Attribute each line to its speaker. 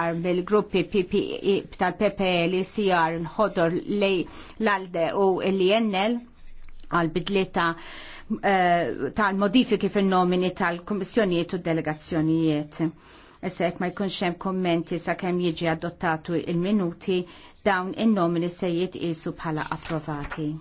Speaker 1: għar bil gruppi PPE tal-PPE li sijar nħodor lej l-alde u l-INL għal bidlieta eh, tal-modifiki fin-nomini tal-Kummissjonijiet u delegazzjonijiet. Esek ma jkunx hemm kommenti sakemm jiġi adottatu il-minuti dawn in-nomini se isu bħala
Speaker 2: approvati.